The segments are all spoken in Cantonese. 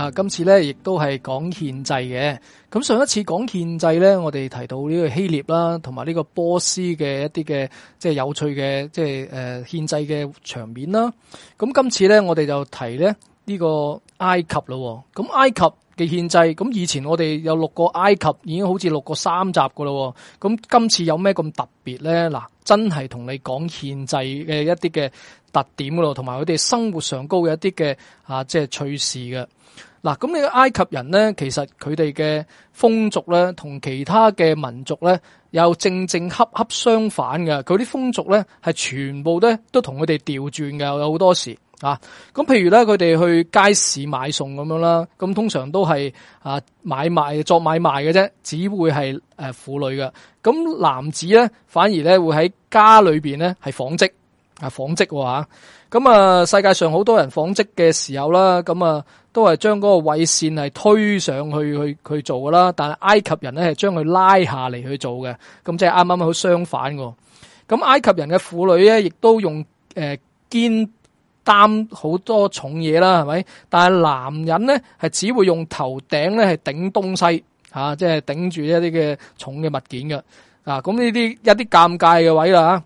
啊！今次咧亦都係講獻祭嘅。咁上一次講獻祭咧，我哋提到呢個希臘啦，同埋呢個波斯嘅一啲嘅即係有趣嘅即係誒、呃、獻祭嘅場面啦。咁今次咧，我哋就提咧呢、呢個埃及喎、哦。咁埃及嘅獻祭，咁以前我哋有六個埃及，已經好似六個三集噶喎、哦。咁今次有咩咁特別咧？嗱、啊，真係同你講獻祭嘅一啲嘅特點咯，同埋佢哋生活上高嘅一啲嘅啊即係趣事嘅。嗱，咁你埃及人咧，其實佢哋嘅風俗咧，同其他嘅民族咧，又正正恰恰相反嘅。佢啲風俗咧，係全部咧都同佢哋調轉嘅，有好多時啊。咁譬如咧，佢哋去街市買餸咁樣啦，咁、啊、通常都係啊買賣作買賣嘅啫，只會係誒婦女嘅。咁、啊、男子咧，反而咧會喺家裏邊咧係紡織啊紡織吓。咁啊、啊、啊，世界上好多人紡織嘅時候啦，咁啊。啊都係將嗰個位線係推上去去去做噶啦，但係埃及人咧係將佢拉下嚟去做嘅，咁即係啱啱好相反嘅。咁埃及人嘅婦女咧，亦都用誒肩擔好多重嘢啦，係咪？但係男人咧係只會用頭頂咧係頂東西，吓即係頂住一啲嘅重嘅物件嘅。啊，咁呢啲一啲尷尬嘅位啦。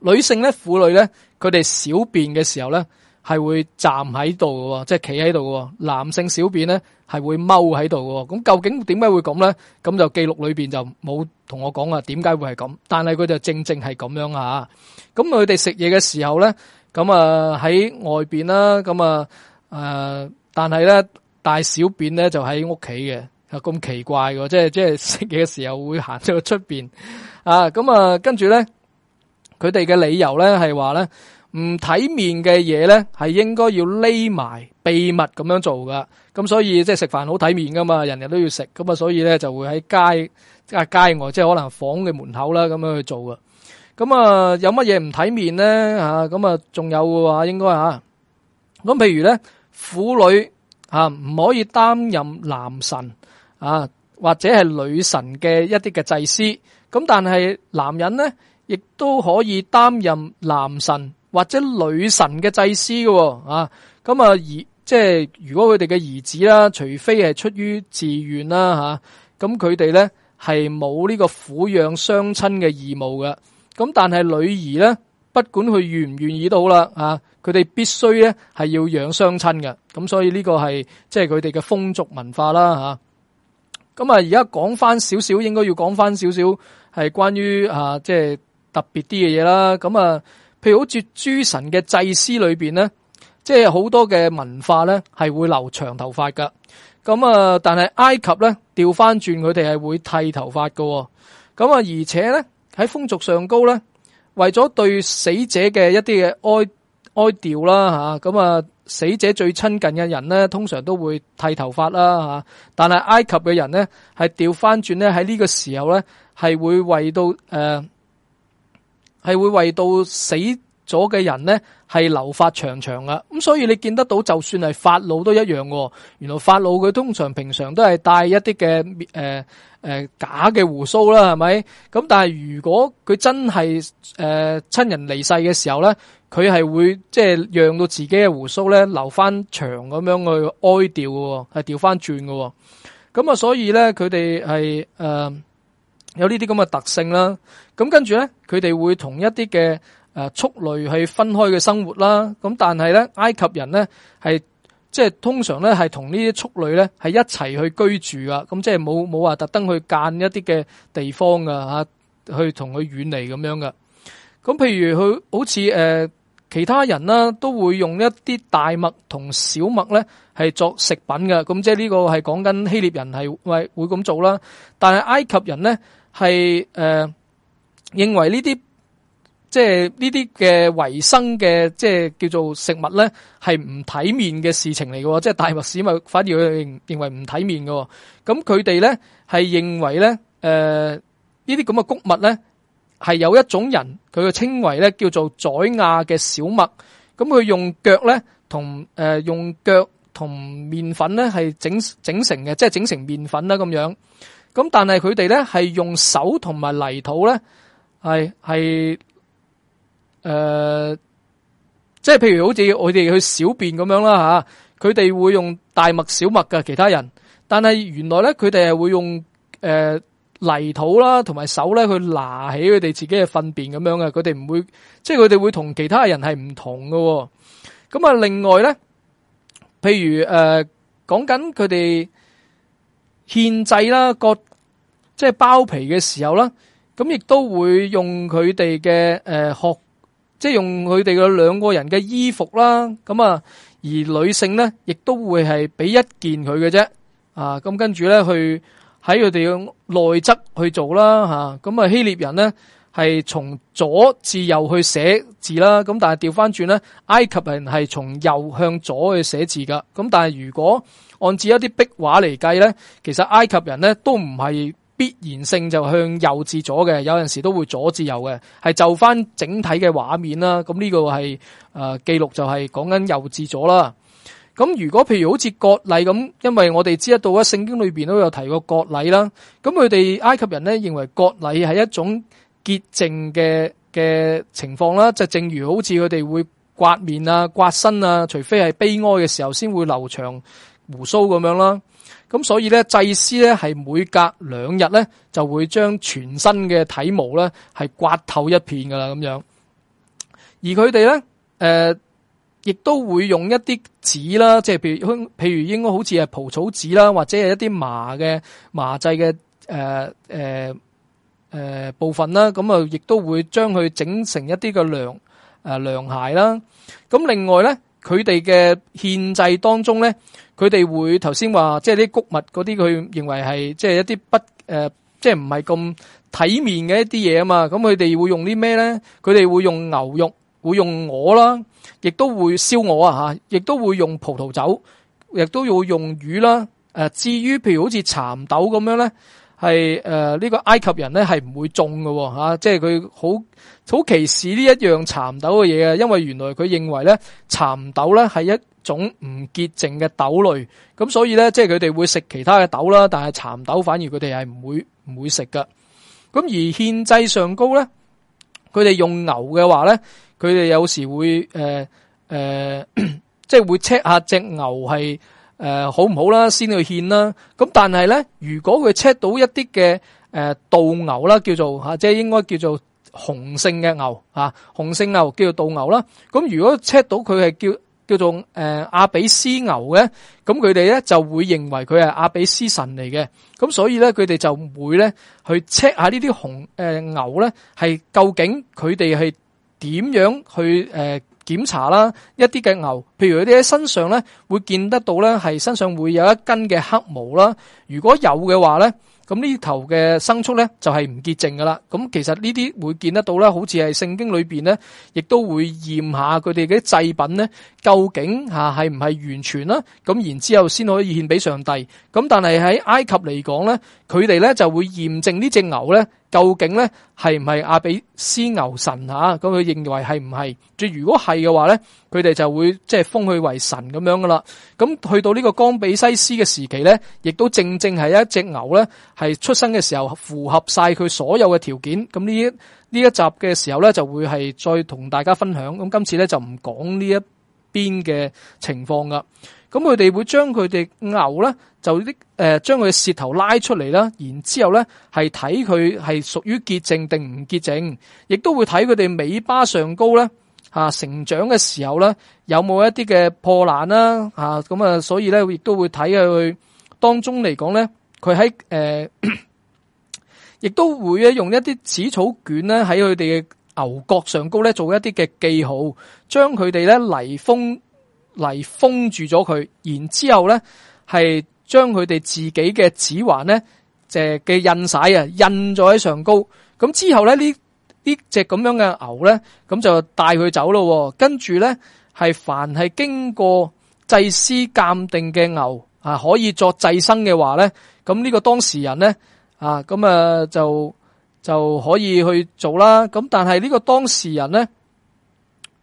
女性咧，婦女咧，佢哋小便嘅時候咧。係會站喺度嘅，即係企喺度。男性小便咧係會踎喺度嘅。咁究竟點解會咁咧？咁就記錄裏邊就冇同我講啊，點解會係咁？但係佢就正正係咁樣啊。咁佢哋食嘢嘅時候咧，咁啊喺外邊啦。咁啊誒，但係咧大小便咧就喺屋企嘅，咁奇怪嘅，即係即係食嘢嘅時候會行到出邊啊。咁啊，跟住咧，佢哋嘅理由咧係話咧。唔體面嘅嘢咧，係應該要匿埋秘密咁樣做噶。咁所以即係食飯好體面噶嘛，人人都要食。咁啊，所以咧就會喺街街外，即係可能房嘅門口啦，咁樣去做㗎。咁啊，有乜嘢唔體面咧？吓咁啊，仲有嘅話，應該吓咁譬如咧，婦女啊唔可以擔任男神啊，或者係女神嘅一啲嘅祭司。咁但係男人咧，亦都可以擔任男神。或者女神嘅祭司嘅啊，咁啊兒即係如果佢哋嘅兒子啦，除非係出於自願啦吓，咁佢哋咧係冇呢個撫養雙親嘅義務嘅。咁但係女兒咧，不管佢願唔願意都好啦啊，佢哋必須咧係要養雙親嘅。咁所以呢個係即係佢哋嘅風俗文化啦吓。咁啊而家講翻少少，應該要講翻少少係關於啊即係特別啲嘅嘢啦。咁啊。譬如好似諸神嘅祭司裏邊咧，即係好多嘅文化咧係會留長頭髮㗎。咁啊，但係埃及咧調翻轉，佢哋係會剃頭髮喎。咁啊，而且咧喺風俗上高咧，為咗對死者嘅一啲嘅哀哀悼啦嚇，咁啊，啊死者最親近嘅人咧，通常都會剃頭髮啦嚇，啊，但係埃及嘅人咧係調翻轉咧喺呢個時候咧係會為到誒，呃係會為到死咗嘅人咧，係留髮長長㗎。咁所以你見得到，就算係法老都一樣。原來法老佢通常平常都係帶一啲嘅誒誒假嘅鬍鬚啦，係咪？咁但係如果佢真係誒親人離世嘅時候咧，佢係會即係、就是、讓到自己嘅鬍鬚咧留翻長咁樣去哀悼嘅，係掉翻轉喎。咁啊，所以咧佢哋係誒。有呢啲咁嘅特性啦，咁跟住咧，佢哋會同一啲嘅誒畜類去分開嘅生活啦。咁但係咧，埃及人咧係即係通常咧係同呢啲畜類咧係一齊去居住啊。咁即係冇冇話特登去間一啲嘅地方噶嚇，去同佢遠離咁樣㗎。咁譬如佢好似誒其他人啦，都會用一啲大麥同小麥咧係作食品嘅。咁即係呢個係講緊希臘人係喂，會咁做啦。但係埃及人咧，係誒，認為呢啲即係呢啲嘅維生嘅即係叫做食物咧，係唔體面嘅事情嚟嘅。即係大麥市咪反而佢認為唔體面嘅。咁佢哋咧係認為咧，誒呢啲咁嘅穀物咧係有一種人，佢嘅稱為咧叫做宰亞嘅小麥。咁佢用腳咧同誒用腳同麵粉咧係整整成嘅，即係整成麵粉啦咁樣。咁但係佢哋咧係用手同埋泥土咧係係誒，即係譬如好似我哋去小便咁樣啦吓，佢哋會用大麥小麥㗎，其他人，但係原來咧佢哋係會用誒、呃、泥土啦同埋手咧去拿起佢哋自己嘅糞便咁樣嘅，佢哋唔會即係佢哋會同其他人係唔同嘅，咁啊另外咧，譬如誒講緊佢哋。呃獻制啦，割即係包皮嘅時候啦，咁亦都會用佢哋嘅誒學，即係用佢哋嘅兩個人嘅衣服啦，咁啊，而女性咧，亦都會係俾一件佢嘅啫，啊，咁跟住咧，去喺佢哋嘅內側去做啦，吓，咁啊，希臘人咧。係從左至右去寫字啦，咁但係掉返轉咧，埃及人係從右向左去寫字噶。咁但係如果按照一啲壁畫嚟計咧，其實埃及人咧都唔係必然性就向右至左嘅，有陣時都會左至右嘅，係就返整體嘅畫面啦。咁、這、呢個係誒、呃、記錄就係講緊右至左啦。咁如果譬如好似割禮咁，因為我哋知得到咧，聖經裏邊都有提過割禮啦。咁佢哋埃及人咧認為割禮係一種。潔淨嘅嘅情況啦，就正如好似佢哋會刮面啊、刮身啊，除非係悲哀嘅時候先會留長鬍鬚咁樣啦。咁所以咧，祭司咧係每隔兩日咧就會將全身嘅體毛咧係刮透一片噶啦咁樣。而佢哋咧，誒、呃，亦都會用一啲紙啦，即係譬如譬如應該好似係蒲草紙啦，或者係一啲麻嘅麻製嘅誒誒。呃呃誒部分啦，咁啊，亦都會將佢整成一啲嘅涼誒涼鞋啦。咁另外咧，佢哋嘅獻祭當中咧，佢哋會頭先話，即係啲谷物嗰啲，佢認為係即係一啲不誒即係唔係咁體面嘅一啲嘢啊嘛。咁佢哋會用啲咩咧？佢哋會用牛肉，會用鵝啦，亦都會燒鵝啊嚇，亦都會用葡萄酒，亦都要用魚啦。誒，至於譬如好似蠶豆咁樣咧。係誒，呢、呃這個埃及人咧係唔會種嘅吓，啊，即係佢好好歧視呢一樣蠶豆嘅嘢啊。因為原來佢認為咧蠶豆咧係一種唔潔淨嘅豆類，咁所以咧即係佢哋會食其他嘅豆啦，但係蠶豆反而佢哋係唔會唔會食噶。咁而獻祭上高咧，佢哋用牛嘅話咧，佢哋有時會誒誒，呃呃，即係會 check 下隻牛係。誒，好唔好啦？先去獻啦。咁但係咧，如果佢 check 到一啲嘅誒鬥牛啦，叫做吓，即係應該叫做雄性嘅牛吓，雄性牛叫做鬥牛啦。咁如果 check 到佢係叫叫做誒阿比斯牛嘅，咁佢哋咧就會認為佢係阿比斯神嚟嘅。咁所以咧，佢哋就會咧去 check 下呢啲雄誒牛咧係究竟佢哋係點樣去誒。檢查啦，一啲嘅牛，譬如佢哋喺身上咧，會見得到咧，係身上會有一根嘅黑毛啦。如果有嘅話咧，咁呢頭嘅牲畜咧就係唔潔淨噶啦。咁其實呢啲會見得到咧，好似係聖經裏邊咧，亦都會驗下佢哋嘅祭品咧，究竟嚇係唔係完全啦。咁然之後先可以獻俾上帝。咁但係喺埃及嚟講咧，佢哋咧就會驗證呢隻牛咧。究竟咧係唔係阿比斯牛神嚇、啊？咁佢認為係唔係？即係如果係嘅話咧，佢哋就會即係封佢為神咁樣噶啦。咁去到呢個剛比西斯嘅時期咧，亦都正正係一隻牛咧，係出生嘅時候符合晒佢所有嘅條件。咁呢一呢一集嘅時候咧，就會係再同大家分享。咁今次咧就唔講呢一邊嘅情況噶。咁佢哋會將佢哋牛咧。就啲誒將佢嘅舌頭拉出嚟啦，然之後咧係睇佢係屬於潔淨定唔潔淨，亦都會睇佢哋尾巴上高咧，成長嘅時候咧有冇一啲嘅破爛啦咁啊，所以咧亦都會睇佢當中嚟講咧，佢喺誒亦都會用一啲紫草捲咧喺佢哋嘅牛角上高咧，做一啲嘅記號，將佢哋咧泥封嚟封住咗佢，然之後咧係。將佢哋自己嘅指環呢，就嘅印璽啊，印咗喺上高。咁之後咧，這隻這呢呢隻咁樣嘅牛咧，咁就帶佢走咯。跟住咧，係凡係經過祭司鑑定嘅牛啊，可以作祭牲嘅話咧，咁呢個當事人咧啊，咁啊就就可以去做啦。咁但係呢個當事人咧，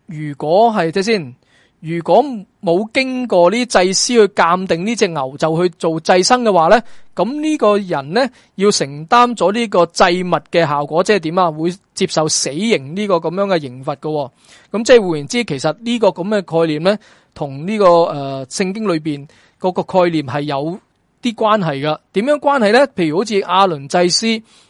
如果係即先。等等如果冇經過呢祭司去鑑定呢隻牛就去做祭牲嘅話咧，咁呢個人咧要承擔咗呢個祭物嘅效果，即係點啊？會接受死刑呢個咁樣嘅刑罰嘅喎。咁即係換言之，其實呢個咁嘅概念咧，同呢個誒聖經裏邊嗰個概念係有。啲關係噶，點樣關係咧？譬如好似亞倫祭司，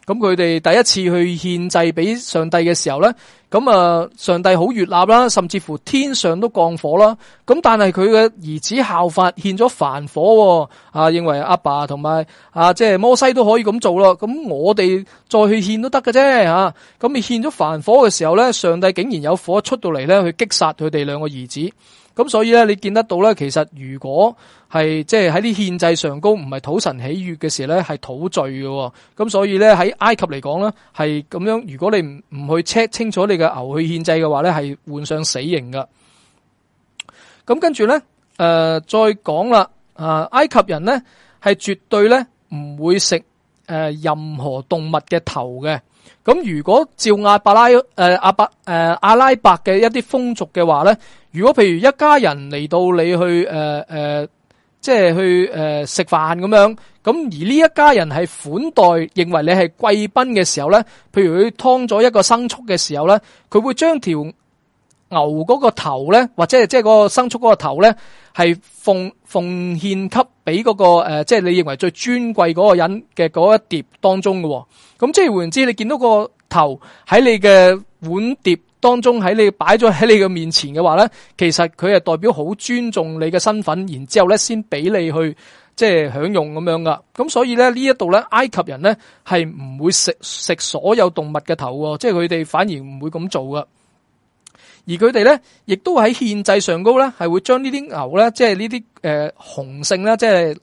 咁佢哋第一次去獻祭俾上帝嘅時候咧，咁啊上帝好悅納啦，甚至乎天上都降火啦。咁但係佢嘅兒子效法獻咗凡火，啊認為阿爸同埋啊即係摩西都可以咁做咯。咁我哋再去獻都得嘅啫，吓。咁你獻咗凡火嘅時候咧，上帝竟然有火出到嚟，咧去擊殺佢哋兩個兒子。咁所以咧，你見得到咧，其實如果係即係喺啲獻祭上高唔係土神喜悦嘅時候咧，係土罪嘅。咁所以咧喺埃及嚟講咧，係咁樣。如果你唔唔去 check 清楚你嘅牛去獻祭嘅話咧，係換上死刑噶。咁跟住咧，誒、呃、再講啦、呃，埃及人咧係絕對咧唔會食誒、呃、任何動物嘅頭嘅。咁如果照阿伯拉誒阿伯誒阿拉伯嘅一啲風俗嘅話咧，如果譬如一家人嚟到你去誒誒、呃呃，即係去誒、呃、食飯咁樣，咁而呢一家人係款待認為你係貴賓嘅時候咧，譬如佢劏咗一個牲畜嘅時候咧，佢會將條牛個頭咧，或者係即係個牲畜個頭咧，係奉奉獻給俾嗰、嗰個誒、呃，即係你認為最尊貴嗰個人嘅嗰一碟當中嘅，咁即係換言之，你見到嗰個頭喺你嘅碗碟當中，喺你擺咗喺你嘅面前嘅話咧，其實佢係代表好尊重你嘅身份，然之後咧先俾你去即係享用咁樣噶。咁所以咧呢一度咧，埃及人咧係唔會食食所有動物嘅頭的，即係佢哋反而唔會咁做噶。而佢哋咧，亦都喺獻祭上高咧，係會將呢啲牛咧，即係呢啲誒雄性啦，即係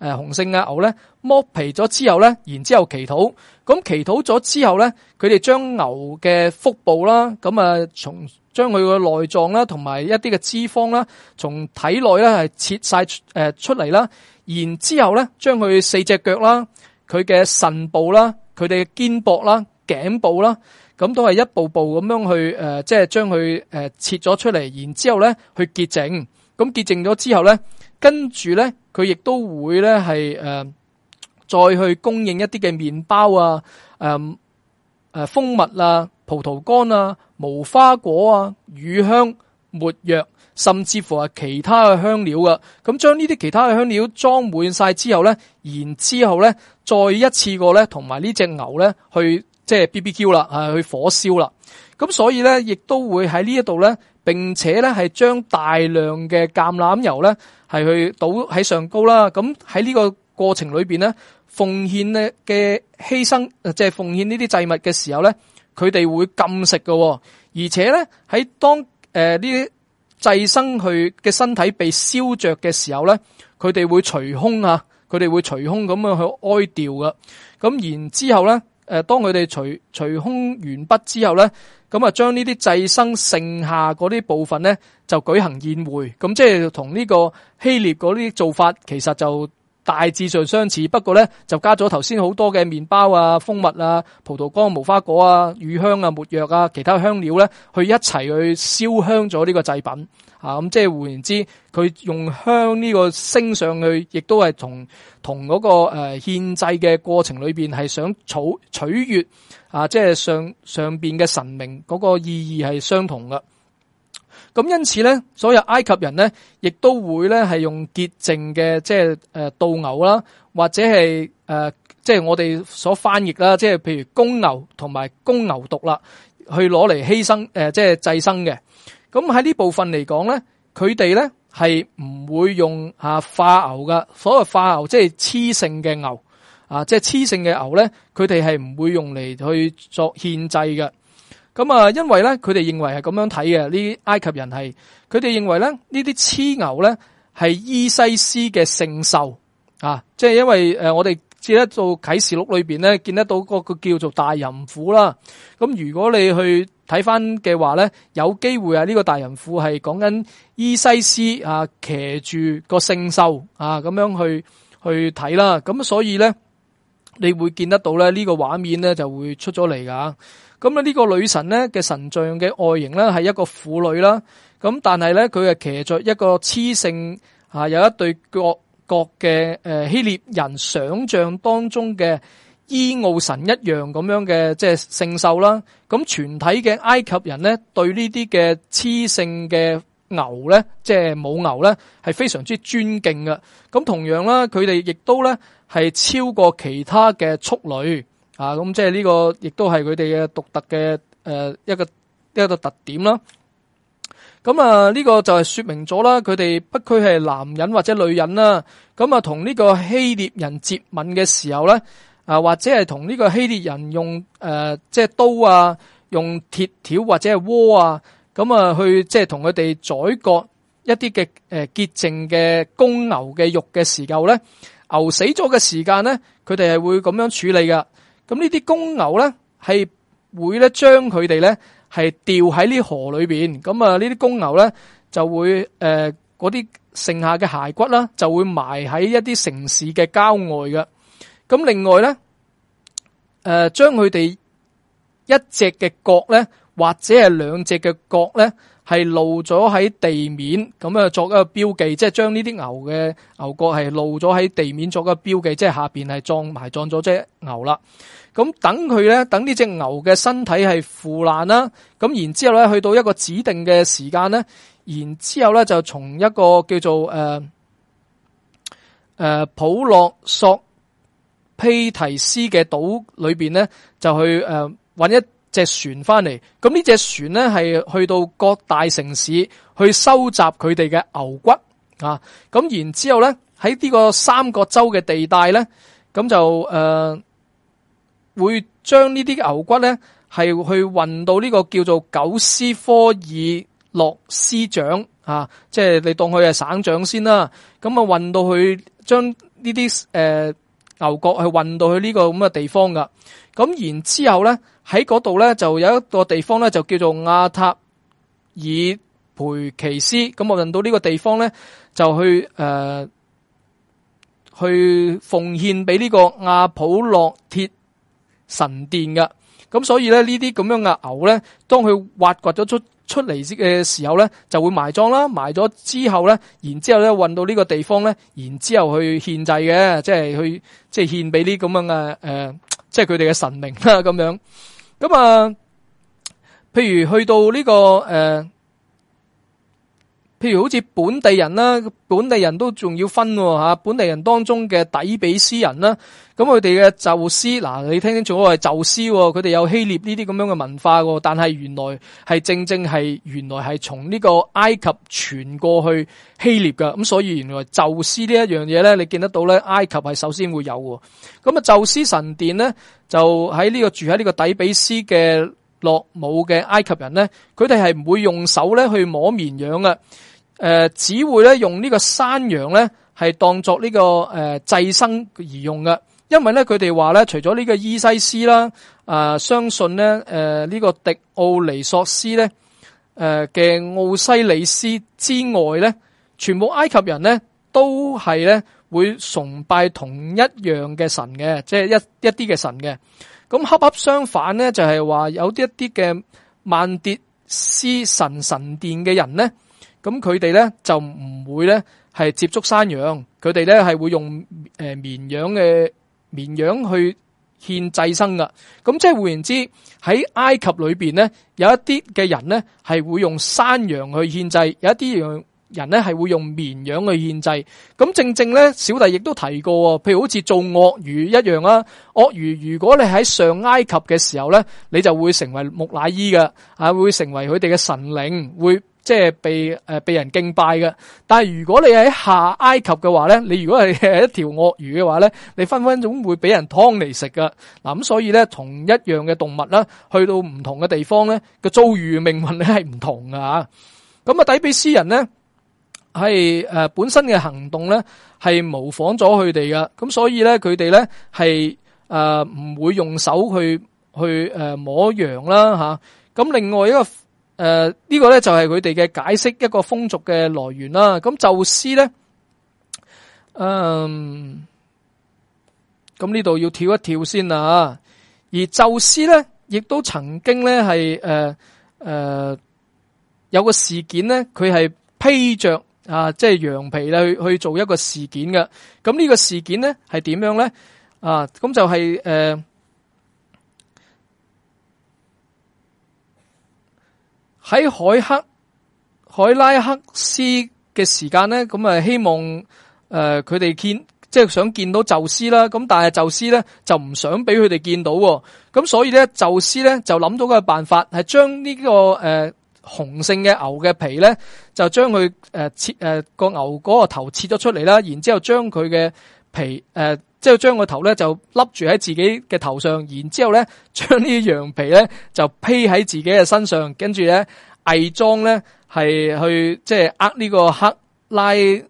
誒雄性嘅牛咧，剝皮咗之後咧，然之後祈禱，咁祈禱咗之後咧，佢哋將牛嘅腹部啦，咁啊從將佢個內臟啦，同埋一啲嘅脂肪啦，從體內咧係切曬誒出嚟啦，然、啊呃、之後咧將佢四隻腳啦，佢嘅腎部啦，佢哋嘅肩膊啦。頸部啦，咁都係一步步咁樣去，即、呃、係、就是、將佢、呃、切咗出嚟，然後呢之後咧去潔淨。咁潔淨咗之後咧，跟住咧佢亦都會咧係、呃、再去供應一啲嘅麵包啊，誒、呃、蜂蜜啊、葡萄乾啊、無花果啊、乳香、沒藥，甚至乎係其他嘅香料噶。咁將呢啲其他嘅香料裝滿晒之後咧，然之後咧再一次過咧，同埋呢隻牛咧去。即係 BBQ 啦，啊去火燒啦，咁所以咧，亦都會喺呢一度咧，並且咧係將大量嘅橄欖油咧係去倒喺上高啦。咁喺呢個過程裏邊咧，奉獻嘅嘅犧牲，即係奉獻呢啲祭物嘅時候咧，佢哋會禁食嘅、哦，而且咧喺當誒呢啲祭生佢嘅身體被燒着嘅時候咧，佢哋會除胸啊，佢哋會除胸咁樣去哀悼㗎。咁然之後咧。誒，當佢哋除除空完畢之後咧，咁啊將呢啲祭牲剩下嗰啲部分咧，就舉行宴會。咁即係同呢個希臘嗰啲做法其實就大致上相似，不過咧就加咗頭先好多嘅麵包啊、蜂蜜啊、葡萄乾、無花果啊、乳香啊、沒藥啊、其他香料咧，去一齊去燒香咗呢個祭品。啊！咁即係換言之，佢用香呢個升上去，亦都係同同嗰、那個誒獻祭嘅過程裏邊係想取取悅啊！即係上上邊嘅神明嗰個意義係相同啦。咁因此咧，所有埃及人咧，亦都會咧係用潔淨嘅即係誒斗牛啦，或者係誒、呃、即係我哋所翻譯啦，即係譬如公牛同埋公牛犢啦，去攞嚟犧牲誒、呃，即係祭牲嘅。咁喺呢部分嚟講咧，佢哋咧係唔會用化牛㗎。所謂化牛即係雌性嘅牛，啊，即係雌性嘅牛咧，佢哋係唔會用嚟去作獻祭嘅。咁啊，因為咧，佢哋認為係咁樣睇嘅，呢啲埃及人係佢哋認為咧，呢啲雌牛咧係伊西斯嘅聖獸啊，即係因為我哋見得到啟示錄裏面咧，見得到個叫做大淫婦啦。咁、啊、如果你去，睇翻嘅話咧，有機會啊！呢個大淫婦係講緊伊西斯啊，騎住個聖獸啊，咁樣去去睇啦。咁所以咧，你會見得到咧呢個畫面咧就會出咗嚟噶。咁呢個女神咧嘅神像嘅外形咧係一個婦女啦。咁、啊、但係咧佢係騎着一個雌性啊，有一對角嘅、呃、希臘人想象當中嘅。伊奧神一樣咁樣嘅，即係聖獸啦。咁全體嘅埃及人呢，對呢啲嘅雌性嘅牛咧，即係母牛咧，係非常之尊敬嘅。咁同樣啦，佢哋亦都咧係超過其他嘅畜類啊。咁即係呢個，亦都係佢哋嘅獨特嘅誒一個一個特點啦。咁啊，呢個就係說明咗啦，佢哋不拘係男人或者女人啦。咁啊，同呢個希臘人接吻嘅時候咧。啊，或者係同呢個希臘人用誒、呃，即係刀啊，用鐵條或者係鍋啊，咁啊，去即係同佢哋宰割一啲嘅誒潔淨嘅公牛嘅肉嘅時候咧，牛死咗嘅時間咧，佢哋係會咁樣處理嘅。咁呢啲公牛咧，係會咧將佢哋咧係掉喺呢河裏邊。咁啊，呢啲公牛咧就會誒嗰啲剩下嘅骸骨啦，就會埋喺一啲城市嘅郊外嘅。咁另外咧，誒、呃，將佢哋一隻嘅角咧，或者係兩隻嘅角咧，係露咗喺地面，咁啊作一個標記，即係將呢啲牛嘅牛角係露咗喺地面作一個標記，即係下邊係撞埋撞咗隻牛啦。咁等佢咧，等呢隻牛嘅身體係腐爛啦。咁然之後咧，去到一個指定嘅時間咧，然之後咧就從一個叫做誒誒、呃呃、普洛索。披提斯嘅島裏邊咧，就去誒搵、呃、一隻船翻嚟。咁呢隻船咧係去到各大城市去收集佢哋嘅牛骨啊。咁然之後咧喺呢個三角洲嘅地帶咧，咁就誒、呃、會將呢啲牛骨咧係去運到呢個叫做九斯科爾洛斯長啊，即係你當佢係省長先啦。咁啊運到去將呢啲誒。呃牛角去運到去呢個咁嘅地方噶咁然之後咧喺度咧就有一個地方咧就叫做亞塔爾培奇斯，咁我運到呢個地方咧就去誒、呃、去奉獻俾呢個亞普洛鐵神殿噶咁所以咧呢啲咁樣嘅牛咧，當佢挖掘咗出。出嚟嘅時候咧，就會埋葬啦，埋咗之後咧，然之後咧運到呢個地方咧，然之後去獻祭嘅，即係去即係獻俾啲咁樣嘅、呃、即係佢哋嘅神明啦咁樣。咁啊，譬如去到呢個、呃譬如好似本地人啦，本地人都仲要分喎，本地人當中嘅底比斯人啦，咁佢哋嘅宙斯嗱，你聽清楚係宙斯，佢哋有希臘呢啲咁樣嘅文化喎，但係原來係正正係原來係從呢個埃及傳過去希臘㗎。咁所以原來宙斯呢一樣嘢咧，你見得到咧，埃及係首先會有喎。咁啊，宙斯神殿咧就喺呢個住喺呢個底比斯嘅落武嘅埃及人咧，佢哋係唔會用手咧去摸綿羊嘅。誒、呃，只會咧用呢個山羊咧，係當作呢、這個誒祭牲而用嘅。因為咧，佢哋話咧，除咗呢個伊西斯啦，啊、呃，相信咧，誒、呃，呢、這個迪奧尼索斯咧，誒嘅奧西里斯之外咧，全部埃及人咧都係咧會崇拜同一樣嘅神嘅，即、就、係、是、一一啲嘅神嘅。咁恰恰相反咧，就係、是、話有啲一啲嘅曼迭斯神神殿嘅人咧。咁佢哋咧就唔會咧係接觸山羊，佢哋咧係會用誒綿羊嘅，綿羊去獻祭生噶。咁即係換言之，喺埃及裏邊咧有一啲嘅人咧係會用山羊去獻祭，有一啲人人咧係會用綿羊去獻祭。咁正正咧，小弟亦都提過，譬如好似做鱷魚一樣啦。鱷魚，如果你喺上埃及嘅時候咧，你就會成為木乃伊嘅，啊會成為佢哋嘅神靈會。即係被誒、呃、被人敬拜嘅，但係如果你喺下埃及嘅話咧，你如果係係一條鱷魚嘅話咧，你分分鐘會俾人劏嚟食噶。嗱、啊、咁所以咧，同一樣嘅動物啦，去到唔同嘅地方咧，個遭遇嘅命運咧係唔同噶吓。咁啊底比斯人咧係誒本身嘅行動咧係模仿咗佢哋噶，咁所以咧佢哋咧係誒唔會用手去去誒、呃、摸羊啦吓。咁、啊啊、另外一個。誒，呢、呃這個咧就係佢哋嘅解釋一個風俗嘅來源啦。咁宙斯咧，嗯、呃，咁呢度要跳一跳先啦。而宙斯咧，亦都曾經咧係誒誒，有個事件咧，佢係披着啊，即、呃、係、就是、羊皮咧去去做一個事件嘅。咁呢個事件咧係點樣咧？啊、呃，咁就係、是、誒。呃喺海克海拉克斯嘅時間咧，咁啊希望誒佢哋見，即係想見到宙斯啦。咁但係宙斯咧就唔想俾佢哋見到、啊，咁所以咧宙斯咧就諗到個辦法是將、這個，係、呃、將呢個誒雄性嘅牛嘅皮咧，就將佢誒切誒個、呃、牛嗰個頭切咗出嚟啦，然之後將佢嘅皮誒。呃即係將個頭咧就笠住喺自己嘅頭上，然之後咧將呢啲羊皮咧就披喺自己嘅身上，跟住咧偽裝咧係去即係呃呢個克拉誒、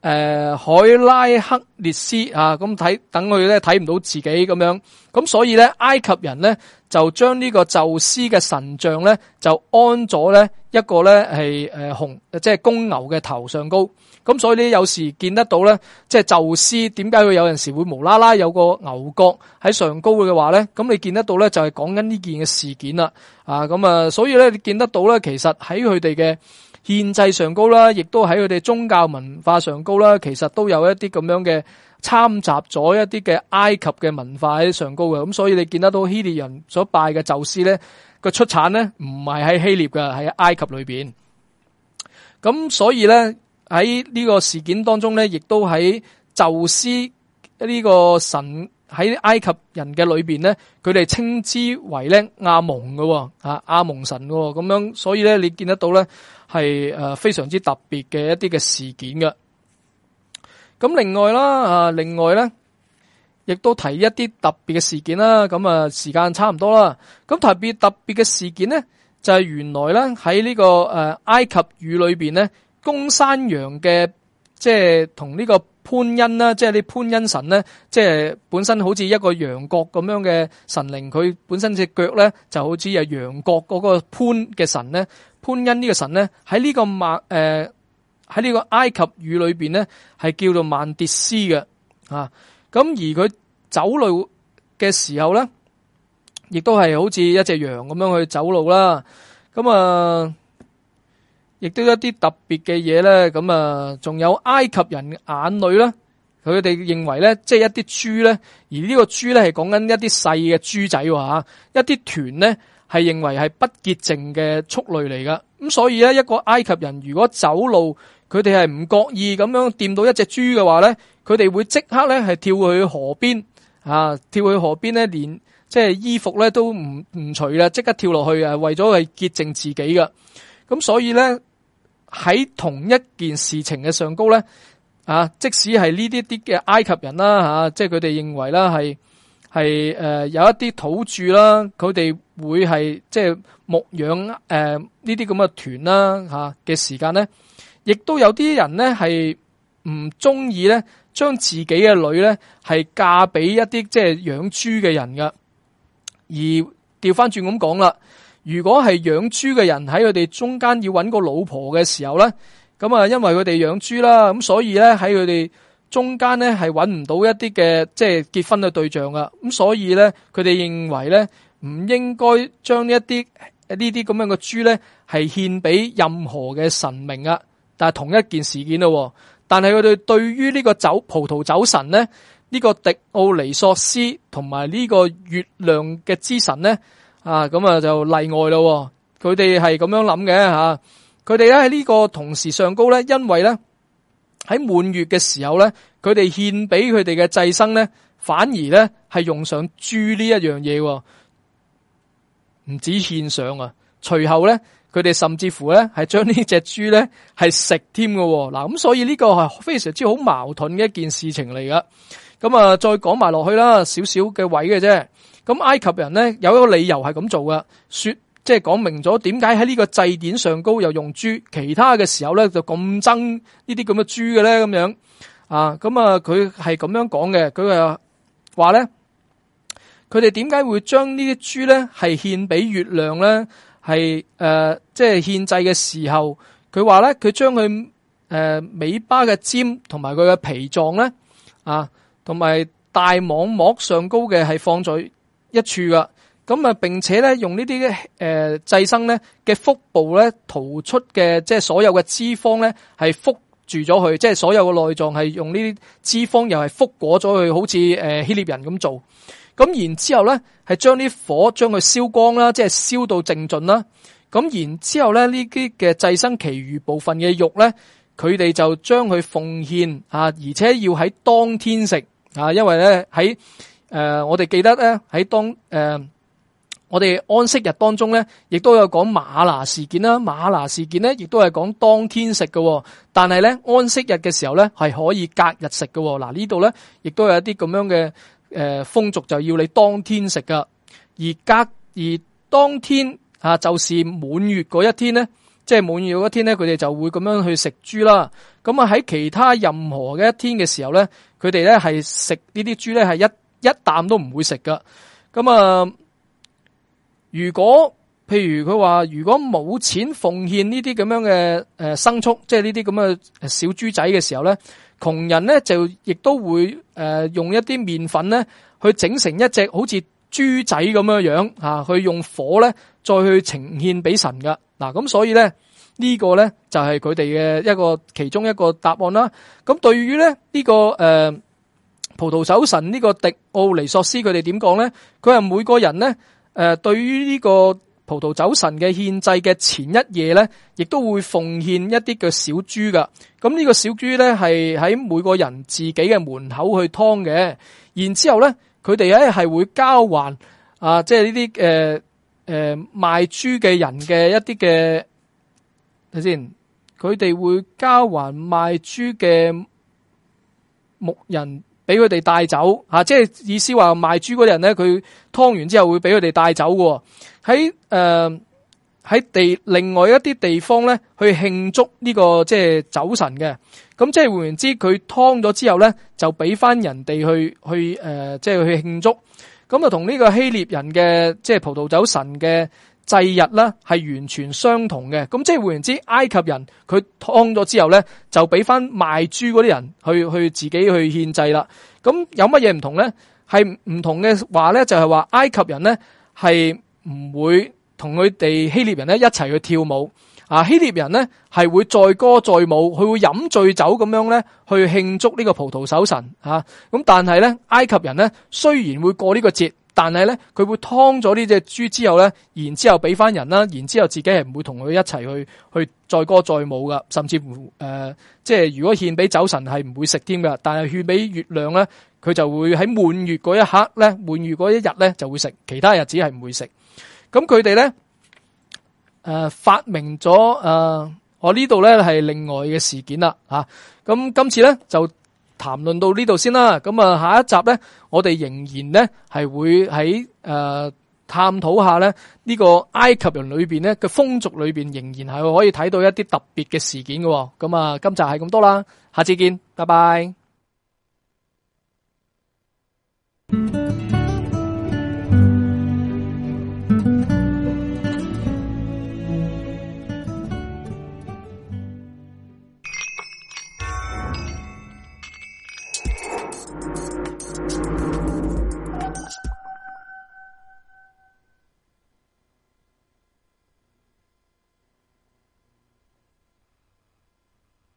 呃、海拉克列斯啊，咁睇等佢咧睇唔到自己咁樣，咁所以咧埃及人咧就將呢個宙斯嘅神像咧就安咗咧一個咧係誒紅即係公牛嘅頭上高。咁所以咧，有時見得到咧，即係宙斯點解佢有陣時會無啦啦有個牛角喺上高嘅話咧，咁你見得到咧就係講緊呢件嘅事件啦。啊，咁啊，所以咧你見得到咧，其實喺佢哋嘅憲制上高啦，亦都喺佢哋宗教文化上高啦，其實都有一啲咁樣嘅參雜咗一啲嘅埃及嘅文化喺上高嘅。咁所以你見得到希臘人所拜嘅宙斯咧，個出產咧唔係喺希臘嘅，喺埃及裏面。咁所以咧。喺呢個事件當中咧，亦都喺宙斯呢個神喺埃及人嘅裏邊咧，佢哋稱之為咧阿蒙嘅，哦，啊阿蒙神嘅，哦，咁樣，所以咧你見得到咧係誒非常之特別嘅一啲嘅事件嘅。咁另外啦，啊另外咧，亦都提一啲特別嘅事件啦。咁啊時間差唔多啦，咁特別特別嘅事件咧就係、是、原來咧喺呢在、這個誒、呃、埃及語裏邊咧。公山羊嘅即係同呢個潘恩啦，即係啲潘恩神咧，即係本身好似一個羊角咁樣嘅神靈，佢本身隻腳咧就好似係羊角嗰個潘嘅神咧。潘恩呢個神咧喺呢個曼誒喺呢個埃及語裏邊咧係叫做曼迪斯嘅啊。咁而佢走路嘅時候咧，亦都係好似一隻羊咁樣去走路啦。咁啊。亦都一啲特別嘅嘢咧，咁啊，仲有埃及人眼淚啦。佢哋認為咧，即係一啲豬咧，而呢個豬咧係講緊一啲細嘅豬仔喎嚇。一啲豚咧係認為係不潔淨嘅畜類嚟噶。咁所以咧，一個埃及人如果走路，佢哋係唔覺意咁樣掂到一隻豬嘅話咧，佢哋會即刻咧係跳去河邊啊，跳去河邊咧連即係衣服咧都唔唔除啦，即刻跳落去啊，為咗係潔淨自己噶。咁所以咧。喺同一件事情嘅上高咧，啊，即使係呢啲啲嘅埃及人啦，吓，即係佢哋認為啦，係係誒有一啲土著啦，佢哋會係即係牧養誒呢啲咁嘅團啦，吓嘅時間咧，亦都有啲人咧係唔中意咧，將自己嘅女咧係嫁俾一啲即係養豬嘅人噶，而調返轉咁講啦。如果係養豬嘅人喺佢哋中間要搵個老婆嘅時候咧，咁啊，因為佢哋養豬啦，咁所以咧喺佢哋中間咧係搵唔到一啲嘅即係結婚嘅對象噶，咁所以咧佢哋認為咧唔應該將一啲呢啲咁樣嘅豬咧係獻俾任何嘅神明啊，但係同一件事件咯、哦，但係佢哋對於呢個酒葡萄酒神咧，呢個迪奧尼索斯同埋呢個月亮嘅之神咧。啊，咁啊就例外咯，佢哋係咁樣諗嘅吓，佢哋咧喺呢個同時上高咧，因為咧喺滿月嘅時候咧，佢哋獻俾佢哋嘅祭牲咧，反而咧係用上豬呢一樣嘢，唔止獻上啊，隨後咧佢哋甚至乎咧係將呢隻豬咧係食添嘅，嗱咁，啊，所以呢個係非常之好矛盾嘅一件事情嚟噶。咁啊再講埋落去啦，少少嘅位嘅啫。咁埃及人咧有一個理由係咁做㗎。說即係講明咗點解喺呢個祭典上高又用豬，其他嘅時候咧就咁憎呢啲咁嘅豬嘅咧咁樣，啊，咁啊佢係咁樣講嘅，佢啊話咧，佢哋點解會將呢啲豬咧係獻俾月亮咧，係誒即係獻祭嘅時候，佢話咧佢將佢誒、呃、尾巴嘅尖同埋佢嘅脾臟咧，啊，同埋大網膜上高嘅係放在一處噶，咁啊，並且咧用呢啲誒祭牲咧嘅腹部咧塗出嘅，即係所有嘅脂肪咧係覆住咗佢，即係所有嘅內臟係用呢啲脂肪又係覆裹咗佢，好似誒、呃、希臘人咁做。咁然之後咧係將啲火將佢燒光啦，即係燒到淨盡啦。咁然之後咧呢啲嘅祭牲，其餘部分嘅肉咧，佢哋就將佢奉獻啊，而且要喺當天食啊，因為咧喺。誒、呃，我哋記得咧喺當誒、呃，我哋安息日當中咧，亦都有講馬拿事件啦。馬拿事件咧，亦都係講當天食嘅，哦。但係咧，安息日嘅時候咧，係可以隔日食嘅，哦。嗱，呢度咧，亦都有一啲咁樣嘅誒、呃、風俗，就要你當天食噶。而隔而當天、啊、就是滿月嗰一天咧，即、就、係、是、滿月嗰一天咧，佢哋就會咁樣去食豬啦。咁啊喺其他任何嘅一天嘅時候咧，佢哋咧係食呢啲豬咧係一。一啖都唔會食噶，咁、嗯、啊，如果譬如佢話，如果冇錢奉獻呢啲咁樣嘅誒牲畜，即係呢啲咁嘅小豬仔嘅時候咧，窮人咧就亦都會誒、呃、用一啲麵粉咧去整成一隻好似豬仔咁樣樣吓、啊，去用火咧再去呈獻俾神噶，嗱、啊、咁所以咧呢、這個咧就係佢哋嘅一個其中一個答案啦。咁、嗯、對於咧呢、這個誒。呃葡萄酒神呢個迪奧尼索斯佢哋點講咧？佢係每個人咧，誒、呃，對於呢個葡萄酒神嘅獻祭嘅前一夜咧，亦都會奉獻一啲嘅小豬噶。咁呢個小豬咧係喺每個人自己嘅門口去劏嘅，然之後咧，佢哋咧係會交還啊，即係呢啲嘅誒賣豬嘅人嘅一啲嘅睇先，佢哋會交還賣豬嘅牧人。俾佢哋帶走，吓、啊，即係意思話賣豬嗰啲人咧，佢劏完之後會俾佢哋帶走喎、哦。喺誒喺地另外一啲地方咧，去慶祝呢、這個即係酒神嘅。咁即係換言之，佢劏咗之後咧，就俾翻人哋去去誒、呃，即係去慶祝。咁就同呢個希臘人嘅即係葡萄酒神嘅。祭日咧係完全相同嘅，咁即係換言之，埃及人佢劏咗之後咧，就俾翻賣豬嗰啲人去去自己去獻祭啦。咁有乜嘢唔同咧？係唔同嘅話咧，就係、是、話埃及人咧係唔會同佢哋希臘人咧一齊去跳舞啊！希臘人咧係會載歌載舞，佢會飲醉酒咁樣咧去慶祝呢個葡萄手神啊！咁但係咧，埃及人咧雖然會過呢個節。但係咧，佢會劏咗呢隻豬之後咧，然之後俾翻人啦，然之後自己係唔會同佢一齊去去載歌載舞噶，甚至乎誒、呃，即係如果獻俾酒神係唔會食添噶。但係獻俾月亮咧，佢就會喺滿月嗰一刻咧，滿月嗰一日咧就會食，其他日子係唔會食。咁佢哋咧誒發明咗誒、呃，我呢度咧係另外嘅事件啦吓。咁、啊、今次咧就。談論到呢度先啦，咁啊下一集呢，我哋仍然呢係會喺誒、呃、探討下呢呢個埃及人裏邊呢嘅風俗裏邊，仍然係可以睇到一啲特別嘅事件嘅，咁啊今集係咁多啦，下次見，拜拜。